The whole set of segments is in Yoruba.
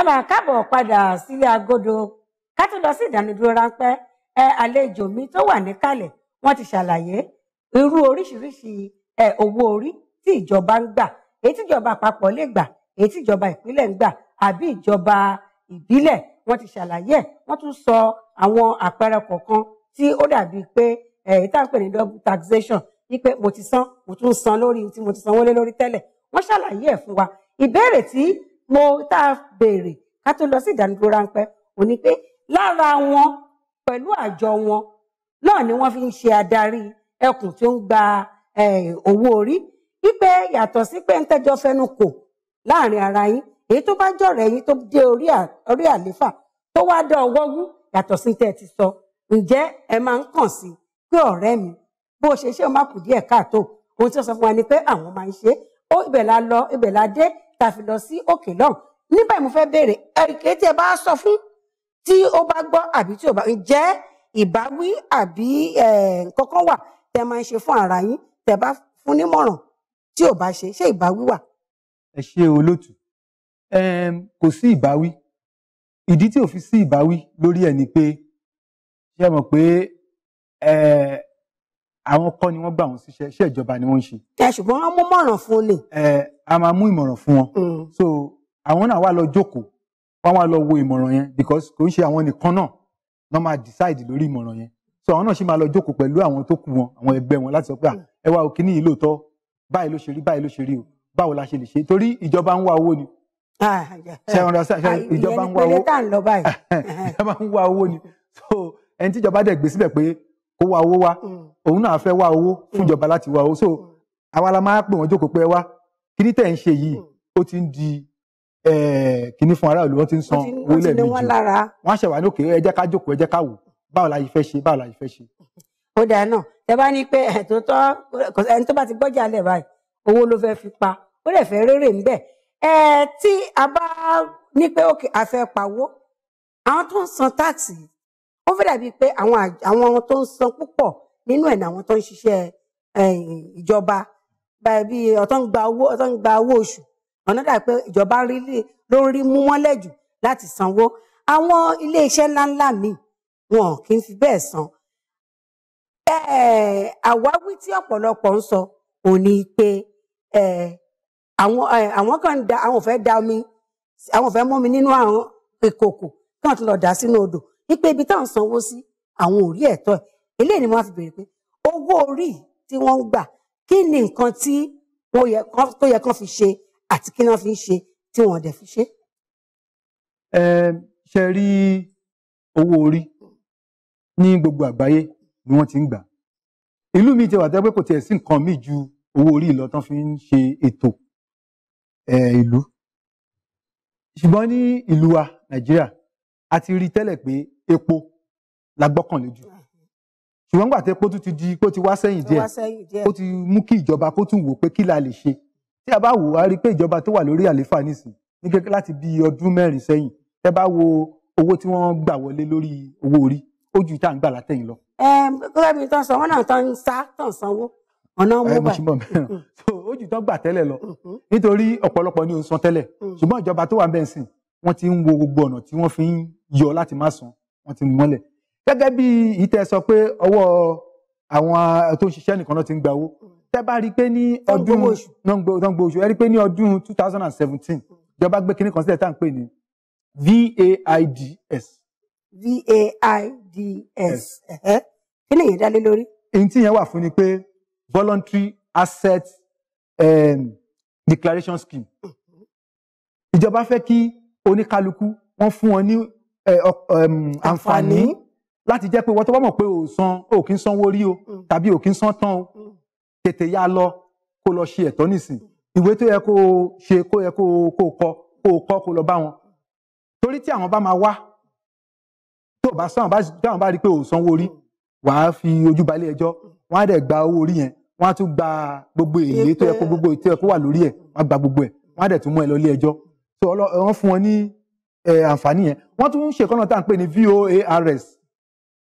ẹ máa káàbọ̀ padà sílé agodo ká tún lọ sí ìdánidúró ráńpẹ́ ẹ àlejò mi tó wà níkàlẹ̀ wọ́n ti ṣàlàyé irú oríṣiríṣi e owó orí tí ìjọba ń gbà èyí tíjọba àpapọ̀ lè gbà èyí tíjọba ìpínlẹ̀ ń gbà àbí ìjọba ìbílẹ̀ wọ́n ti ṣàlàyé ẹ̀ wọ́n tún sọ àwọn àpẹẹrẹ kọ̀ọ̀kan tí ó dàbí pé èyí tá à double taxation wípé mo ti san mo tún san lórí tí mo ti sanwó lé lórí tẹ́lẹ̀ wọ́n ṣàlàyé ẹ̀ fún wa ìbéèrè tí mo tá a béèrè ká tó lọ sí ìdánidúró ráńpẹ́ ó ní pé lára wọn pẹ̀lú àjọ wọn náà ni wọ́n fi ń ṣe adarí ẹkùn tó ń gba owó orí wípé yàtọ̀ sí pé ń tẹ́jọ́ fẹnu kò láàrin ara yín èyí tó bá jọ̀rọ̀ ẹ̀yìn tó dé orí àléfà tó wá dá ọwọ́ wú yàtọ̀ sí tẹ́ ẹ ti sọ ǹjẹ́ ẹ máa ń kàn sí pé ọ̀rẹ́ mi bó ṣe ṣé o má kù díẹ̀ káàtó ohun tí wọ́n sọ fún wa ni pé àwọn máa ń ṣe ó ibẹ̀ la lọ ibẹ̀ la dé tá a fi lọ sí òkè lọ́hùn níbẹ̀ mo fẹ́ béèrè ẹ̀ríkẹ́ tí ẹ bá sọ fún tí ó bá gbọ́ àbí tí ò bá jẹ́ ìbáwí àbí nǹkan kan wà tẹ máa ń ṣe fún ara yín tẹ bá fún nímọ̀ràn tí ò bá ṣe ṣé ìbáwí wà. ẹ ṣe olóòtú kò sí ìbáwí ìdí tí ò fi sí ìbáwí lórí ẹ̀ ni pé ṣé ẹ mọ̀ pé àwọn kọ́ ni wọ́n gbà wọ́n síṣẹ́ ṣé ìjọba ni wọ́n ń ṣe. ẹ ṣùgbọ́n wọ́n mú mọ̀ràn fún un ni a máa mú ìmọ̀ràn fún wọn mm. so àwọn náà wá lọ jókòó wọn wá lọ wo ìmọ̀ràn yẹn because kò ń ṣe àwọn nìkan náà náà máa decide lórí ìmọ̀ràn yẹn so àwọn náà ṣe máa lọ jókòó pẹ̀lú àwọn tó kù wọn àwọn ẹgbẹ́ wọn láti sọ pé mm. ẹ wá o kíní yìí lóòótọ́ báyìí ló ṣe rí báyìí ló ṣe rí o báwo la ṣe lè ṣe torí ìjọba ń wá owó ni ah, ìjọba ń wá owó ìjọba ń wá owó ni so ẹni tíjọba dẹ̀ gbé síbẹ̀ pé kó wá owó wá mm. òun náà fẹ́ wá owó fún ìjọba láti wá owó so àwa la máa pè wọ́n jókòó pé ẹ wá kíní tẹ̀ ń ṣe yìí ó ti ń di kíní fún aráàlú wọn ti ń san owó lẹ́ẹ̀mejì wọn á ṣẹ̀wá ní òkè ẹ jẹ́ ká jókòó ẹ jẹ́ ká wò báwo la yìí fẹ́ ṣe báwo la yìí fẹ́ ṣe. ó dáa náà ẹ bá ní pé ẹ̀tọ́tọ́ ẹni tó bá ti gbọ́jà lẹ̀ báyìí owó ló fẹ́ fi pa ó lè fẹ́ rérè ńbẹ̀ ẹ tí a bá ní pé òkè a fẹ́ pawó àwọn tó ń san táàsì ó fẹ́ dàbí pé àwọn tó ń san púpọ̀ nínú ẹ̀ bí ọ̀tọ́ ń gba owó ọ̀tọ́ ń gba owó oṣù ọ̀nà dà pé ìjọba ló ń rí mú mọ́lẹ̀ jù láti sanwó àwọn iléeṣẹ́ ńláńlá mi wọn kì í fi bẹ́ẹ̀ san. àwáwí tí ọ̀pọ̀lọpọ̀ ń sọ ò ní pé àwọn kan da àwọn fẹ́ da omi àwọn fẹ́ mú mi nínú àwọn ìkòkò kí wọ́n ti lọ dà sínú odò wípé ibi táwọn sanwó sí àwọn ò rí ẹ̀tọ́ ẹ̀ eléyìí ni wọ́n á fi béèrè pé owó orí tí wọ́n ń gbà kí ni nǹkan tí wọ́n yẹ kán tó yẹ kán fi ṣe àti kí wọ́n fi ń ṣe tí wọ́n dẹ̀ fi ṣe. ẹ ṣe rí owó orí ní gbogbo àgbáyé ni wọ́n ti ń gbà ìlú mi ti wà tẹ́ pé kò tiẹ̀ sí nǹkan míì ju owó orí lọ tán fi ń ṣe ètò ìlú ṣùgbọ́n ní ìlú wa Nàìjíríà a ti rí tẹ́lẹ̀ pé epo la gbọ́kànlé jù ṣùgbọ́n gbà tẹ́ pé ó tún ti di pé ó ti wá sẹ́yìn díẹ̀ ó ti mú kí ìjọba kó tún wò pé kí la lè ṣe tí a bá wò á rí i pé ìjọba tó wà lórí àlééfà nísìn ní kékeré láti bí ọdún mẹ́rin sẹ́yìn tẹ́ bá wo owó tí wọ́n gbà wọlé lórí owó orí ó ju tá à ń gbà látẹ̀yìn lọ. ẹ gẹ́gẹ́ bí tán sanwó náà tán ń sá tán sanwó ọ̀nà mobile. Mm-hmm. ó ju tán gbà tẹ́lẹ̀ lọ mm-hmm. nítorí ọ̀pọ̀lọpọ̀ mm. ní oṣù gẹ́gẹ́ bí ìtẹ́ sọ pé ọwọ́ àwọn tó ń ṣiṣẹ́ nìkan náà ti ń gba owó tẹ́ bá rí i pé ní ọdún nọ́ngbò oṣù ẹ rí i pé ní ọdún two thousand and seventeen ìjọba gbé kinní kan sílẹ̀ tá à ń pè ní VAIDS. VAIDS kí lè yẹn dá lé lórí. èyí tí yẹn wà fún ni pé voluntary asset um, declaration scheme mm-hmm. ìjọba fẹ́ kí oníkálukú wọ́n fún wọn ní eh, ehm, àǹfààní láti jẹ́ pé wọ́n tó bá mọ̀ pé ò san ò kí ń sanwó rí o mm. tàbí ò kí ń san tán o mm. tètè yá lọ kó lọ ṣe ẹ̀tọ́ nìsín ìwé tó yẹ kó o ṣe kó yẹ kó o kó o kọ kó o kọ kó lọ bá wọn torí tí àwọn bá máa wá tó bá sáwọn bá táwọn bá rí pé ò sanwó rí mm. wàá fi ojú balẹ̀ ẹjọ́ wọ́n á dẹ̀ gba owó orí yẹn wọ́n á tún gba gbogbo èlé tó yẹ kó gbogbo tó yẹ kó wà lórí ẹ̀ wọ́n á gba gbogbo ẹ̀ wọ́n á dẹ̀ tún mú ẹ lọ ilé ẹjọ́ tó wọ́n fún wọn ní àǹfààní yẹn wọ́n tún ń ṣèkọ́nà tá à ń pè ní VOARS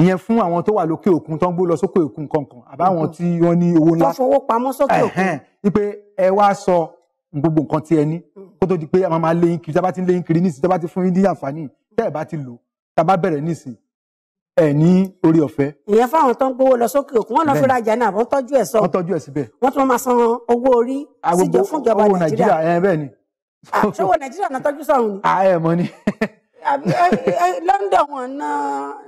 ìyẹn fún àwọn tó wà lókè òkun tó ń gbó lọ sókè òkun kankan àbáwọn mm-hmm. tí wọ́n ní owó ńlá tó fowó pamọ́ sókè òkun wípé ẹ wá sọ gbogbo nǹkan tí ẹ ní mm. kó tó di pé a máa lé yín kiri tá bá ti lé yín kiri nísìsiyìí tá bá ti fún yín ní àǹfààní tẹ́ ẹ bá ti lò tá bá bẹ̀rẹ̀ nísìsiyìí ẹ ní orí ọ̀fẹ́. ìyẹn fáwọn tó ń gbowó lọ sókè òkun wọn lọ fi rajà náà wọn tọ́jú ẹ sọ wọn tọ́jú ẹ síbẹ̀. wọn tún máa san owó orí síjọ fúnjọba nàìjíríà ẹ bẹ́ẹ̀ ni. àṣọwọ ah, nàìjíríà náà tọ́jú sọrùn ni. a ẹ ni. London wọn ná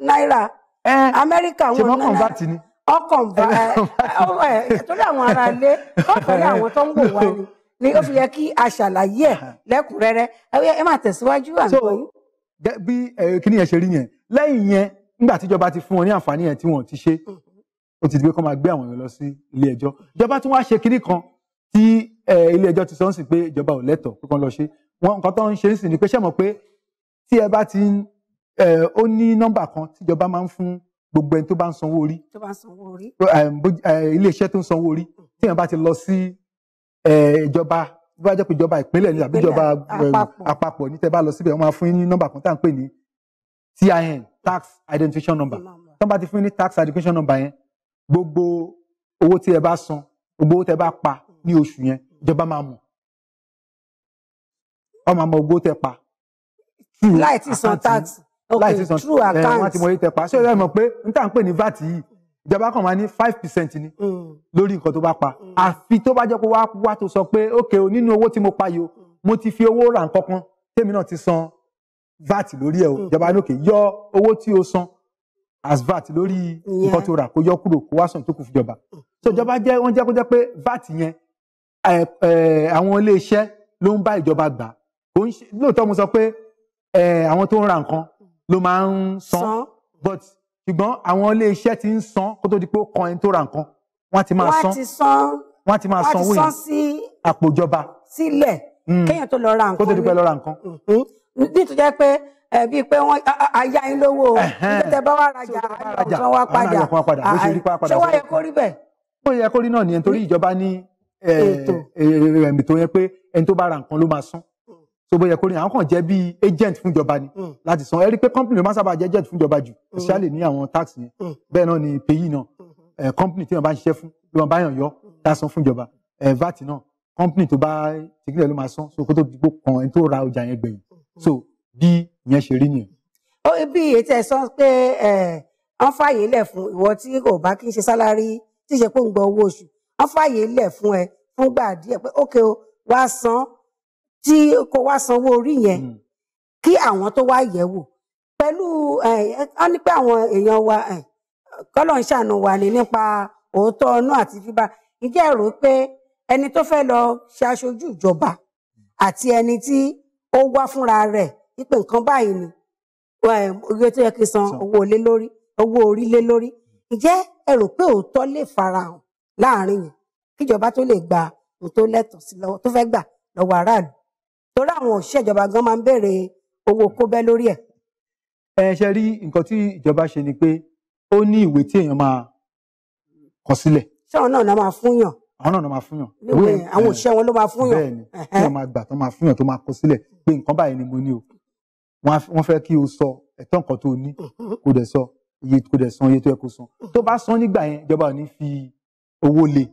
náírà Eh, amẹ́ríkà wọn náà ṣe mọ́ convert ni ọkàn bá ẹ eh, oh, eh, torí àwọn ará ilé ọkàn àwọn tó ń wò wá ni ni ó fi yẹ kí a ṣàlàyé uh-huh. ẹ lẹ́kùnrẹ́rẹ́ ẹ máa tẹ̀síwájú àgbọn bí kíní yẹn ṣe rí yẹn lẹ́yìn yẹn nígbà tíjọba ti fún wọn ní àǹfààní yẹn tí wọn ti ṣe mm-hmm. ó ti di pé kó máa gbé àwọn èèyàn lọ sí ilé ẹjọ́ ìjọba tún wáá ṣe kíní kan tí ilé ẹjọ́ ti sọ ń sìn pé ìjọba ò lẹ́tọ̀ọ́ pé kán lọ ṣe wọn nǹkan tó ń ṣe ń sìn ni pé ṣé mọ̀ pé tí ẹ bá ti ń ó ní nọ́mbà kan tíjọba máa ń fún gbogbo ẹni tó bá ń sanwó orí iléeṣẹ́ tó ń sanwó orí mm. tíyẹn bá ti lọ sí ìjọba bí wàá jẹ́ pé ìjọba ìpínlẹ̀ ni àbí ìjọba àpapọ̀ ní tẹ́ bá lọ síbẹ̀ wọ́n máa fún yín ní nọ́mbà kan tá à ń pè ní TIN tax identification number tọ́ bá ti fún yín ní tax identification number yẹn gbogbo owó tí ẹ bá san gbogbo owó tẹ́ bá pa ní oṣù yẹn ìjọba máa mọ̀ ọ máa mọ owó tẹ́ pa. láì ti san tax láìsí san eh, wọn ti mọ orí tẹpa ṣé ẹ mọ̀ pé n tà ń pè ní vat yìí ìjọba kan máa ní five percent ni mm. lórí nǹkan tó bá pa mm. àfi tó bá jẹ́ pé wàá wá tó sọ pé ok o nínú owó tí mo pa yìí o mo ti fi owó ra nǹkan kan tèmi náà ti san vat lórí ẹ̀ o mm. ìjọba ní òkè yọ owó tí o san as vat lórí nǹkan tó rà kó yọ kúrò kó wá sàn tó kù fìjọba so ìjọba jẹ́ wọ́n jẹ́ kó jẹ́ pé vat yẹn àwọn ilé iṣẹ́ ló ń bá ìjọba gbà lóòótọ́ mo sọ pé àwọn tó ń ra nǹkan ló máa ń san but ṣùgbọ́n àwọn ilé iṣẹ́ ti ń san kó tó di pé ó kan ẹni tó ra nǹkan wọ́n ti máa san wọ́n ti máa sanwó yìí àpò ìjọba sílẹ̀ kéèyàn tó lọ ra nǹkan kó tó di pé lọ ra nǹkan. nítorí jẹ́ pé ẹbí pé wọn aya yín lówó tẹ bá wà rajà àjọ wa padà ṣé wàá yẹ kó rí bẹ́ẹ̀. ó yẹ kó rí náà nìyẹn torí ìjọba ní ètò yẹn pé ẹni tó bá ra nǹkan ló máa san tó bóyá kórìí àwọn kàn jẹ́ bí agent fúnjọba ni mm. láti san ẹ rí i pé company ló máa sábà jẹ́ agent fúnjọba jù mm. especially ní àwọn tax yẹn mm. bẹ́ẹ̀ náà ni payee náà mm-hmm. eh, company tí wọ́n bá ń ṣiṣẹ́ fún ló máa bá yàn yọ tá a san fúnjọba eh, vat náà company tó bá tìkílẹ̀ ló máa san so kó tó dìgbò kan ẹni tó ra ọjà yẹn gbẹ̀yìn mm-hmm. so bí ìyẹn ṣe rí nìyẹn. ó bí ètò ẹ̀ sọ pé eh, wọ́n fààyè lẹ̀ fún ìwọ tí kò bá kí ń ṣe sálárì tí ì ṣe pé ń gbọ́ owó oṣù wọ́n fààyè lẹ̀ fún ẹ tí kò wá sanwó orí yẹn hmm. kí àwọn tó wá yẹ̀ wò pẹ̀lú ọ ní pé àwọn èèyàn wa kọ́lọ̀ ń ṣàánú wa ni nípa òótọ́ ọnú àti fífa ìjẹ́ rò pé ẹni tó fẹ́ lọ ṣe aṣojú ìjọba àti ẹni tí ó wá fúnra rẹ̀ wípé nǹkan báyìí ni iye tó yẹ kí san owó lé lórí owó orí lé lórí ìjẹ́ ẹ pé òótọ́ lè farahàn láàrin yẹn kíjọba tó lè gba ohun tó sí lọ́wọ́ tó fẹ́ gbà lọ́wọ́ aráàlú torí àwọn òṣìṣẹ́ ìjọba gan máa ń béèrè owó kóbẹ́ lórí ẹ̀. ẹ ṣe rí nǹkan tí ìjọba ṣe ni pé ó ní ìwé tí èèyàn máa kọ sílẹ̀. sọ́ọ̀ náà la máa fún yàn. àwọn náà la máa fún yàn. àwọn òṣìṣẹ́ wọn ló máa fún yàn. bẹ́ẹ̀ni kí wọn máa gbà tó máa fún yàn tó máa kọ sílẹ̀ pé nǹkan báyìí ni mo ní o wọn fẹ́ kí o sọ ẹ̀tọ́ nǹkan tó ní kó dẹ̀ sọ iye kó dẹ̀ san iye tó yẹ kó san tó bá san nígbà yẹn ìjọba ò ní fi owó lé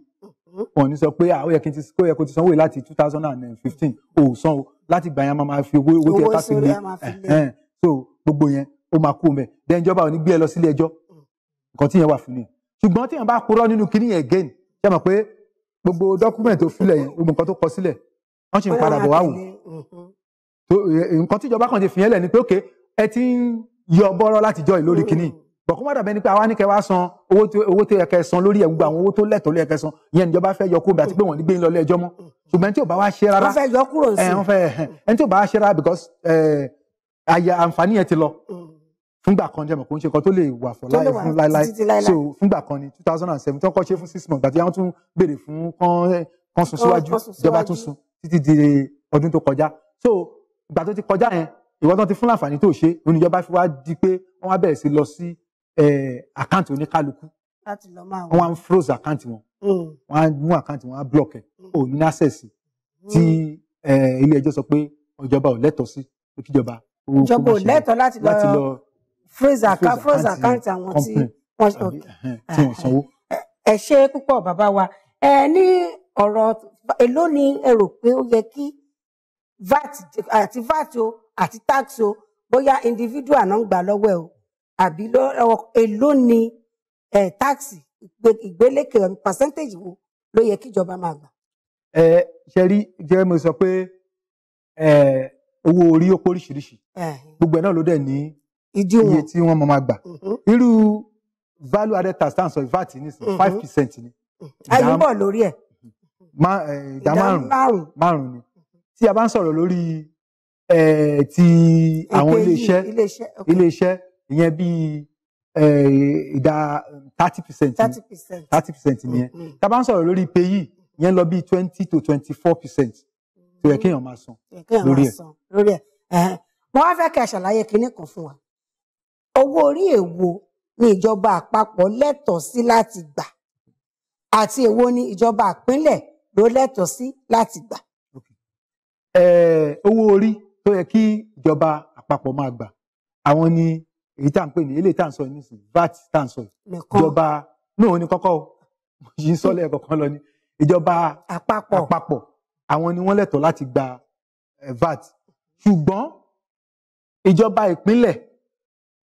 wọn ní sọ pé ó yẹ kí n ti ó yẹ kó ti sanwó láti two thousand and fifteen ó san o láti gbà yẹn máa máa fi owó owó tí ẹ bá fi lé so gbogbo yẹn ó máa kú mẹ then ìjọba ò ní gbé ẹ lọ sílé ẹjọ́ nǹkan tí yẹn wà fún mi ṣùgbọ́n tí yẹn bá purọ́ nínú kíní yẹn again ṣe mọ̀ pé gbogbo document tó filẹ̀ yẹn gbogbo nǹkan tó kọ sílẹ̀ wọ́n sì ń padà bọ̀ wá wò nǹkan tí ìjọba kan ti fi yẹn lẹ̀ ni pé ok ẹ ti ń yọ bọ́rọ́ látijọ́ ìlórí kíní bọ̀kọ́ má dàbẹ́ ni pé àwa ní kẹ́ wá san owó tó owó tó yẹ kẹ́ san lórí ẹ̀ gbogbo àwọn owó tó lẹ́tọ̀ọ́ lórí ẹ̀ kẹ́ san ìyẹn níjọba fẹ́ yọ kó àti pé wọ́n ní gbé ń lọ ilé ẹjọ́ mọ́ ṣùgbọ́n tí ò bá wá ṣe rárá wọ́n fẹ́ eh, eh, tí ò bá wá ṣe rárá because eh, àyà àǹfààní yẹn ti lọ mm. fúngbà kan jẹ́ mọ̀ kó ń ṣe kan tó lè wà fún láyé fún láíláí so fúngbà kan ni two thousand and seven tí wọ́n kọ́ ṣe fún six months àti àwọn tún béèrè fún kan sún síwájú ìjọba tún di ọdún tó so ìgbà tó ti kọjá yẹn ìwọ́n tó ti fún láǹfààní tó ṣe oníjọba àkáǹtì eh, oníkálukú wọ́n á froze àkáǹtì wọn mm. wọ́n á mú àkáǹtì wọn á block ẹ̀ ò mm. ní access tí eh, ilé ẹjọ́ sọ pé ìjọba ò lẹ́tọ̀ọ́ sí pé kíjọba ìjọba ò lẹ́tọ̀ọ́ láti lọ froze àkáǹtì àwọn tí wọ́n sanwó. Eh, ẹ ṣe púpọ̀ bàbá wa ẹ ní ọ̀rọ̀ èló ni ẹ rò pé ó yẹ kí VAT àti VAT o àti tax o bóyá individual náà ń gbà lọ́wọ́ ẹ o àbí èló ni táàsì ìgbélékè percentage wo ló yẹ kíjọba máa gbà. ẹ ṣe rí jẹ́ mo sọ pé owó orí ó pọ̀ oríṣiríṣi gbogbo ẹ̀ náà ló dẹ̀ ní iye tí wọ́n máa gbà mm-hmm. irú value added tax tá à ń sọ vat five mm-hmm. percent ni. ayé mm-hmm. bọ̀ lórí ẹ̀. ìdá márùn-ún márùn-ún ni tí a bá ń sọ̀rọ̀ lórí ti àwọn ilé iṣẹ́ ilé iṣẹ́ ìyẹn bíi ìdá thirty percent thirty percent nìyẹn mm-hmm. tá a bá ń sọ̀rọ̀ lórí payee ìyẹn lọ bíi twenty to twenty four percent tó yẹ kéèyàn máa san lórí ẹ̀. mo wá fẹ́ kẹ́ ẹ ṣàlàyé kinní kan fún wa owó orí èwo ni ìjọba àpapọ̀ lẹ́tọ̀ọ́ sí láti gbà àti èwo ni ìjọba àpínlẹ̀ ló lẹ́tọ̀ọ́ sí láti gbà. owó orí tó yẹ kí ìjọba àpapọ̀ máa gbà àwọn ni èyí tá à ń pè ní eléyìí tá à ń sọ yìí nísìnyí vat tá à ń sọ ìjọba náà ní kọ́kọ́ o mo ń sọ lẹ́ẹ̀kọ̀kan lọ ní ìjọba àpapọ̀ àwọn ni wọ́n lẹ́tọ̀ọ́ láti gba eh, vat ṣùgbọ́n ìjọba ìpínlẹ̀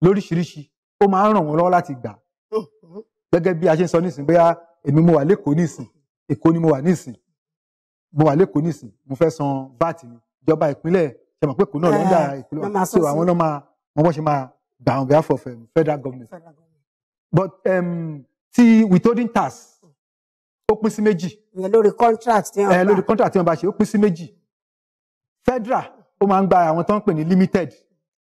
lóríṣiríṣi ó máa ń ràn wọ́n lọ́wọ́ láti gbà mm-hmm. gẹ́gẹ́ bí a ṣe ń sọ nísìnyí bóyá èmi mo wà lẹ́kọ̀ọ́ nísìnyí èkó ni mo wà nísìnyí mo wà lẹ́kọ̀ọ́ nísìnyí mo fẹ́ san vat ni ìjọba ìpínlẹ̀ ṣe mọ̀ pé kò náà lọ́dà eh, ìpínlẹ̀ so àwọn náà by on behalf of um, federal government. federal government but um, ti withholding tax ó pín sí méjì. ìyẹn lórí contract tí wọ́n eh, bá lórí contract tí wọ́n bá ṣe ó pín sí méjì federal ó máa ń gba àwọn tó ń pè ní limited.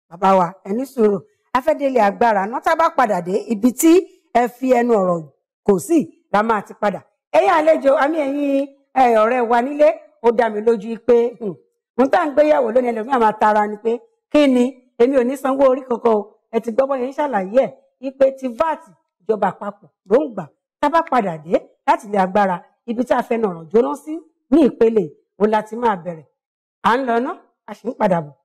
bàbá wa ẹni sọ̀rọ̀ afẹ́délé agbára náà tá a bá padà dé ibi tí ẹ fi ẹnu ọ̀rọ̀ kò sí la máa ti padà ẹ̀yin àlejò àmì ẹ̀yin ọ̀rẹ́ wa nílé ó dá mi lójú pé hmm, n tá à gbéyàwó lónìí ẹlòmíràn máa tara ni pé kí ni èmi ò ní sanwó orí kankan o ẹ ti gbọ́ bọ́ yẹn ń ṣàlàyé ẹ̀ ipe ti vat ìjọba àpapọ̀ ló ń gbà tá bá padà dé láti ilé agbára ibi tá a fẹ́ nà ọ̀rọ̀ jóná sí ní ìpele òun láti máa bẹ̀rẹ̀ à ń lọ ná a sì ń padà bọ̀.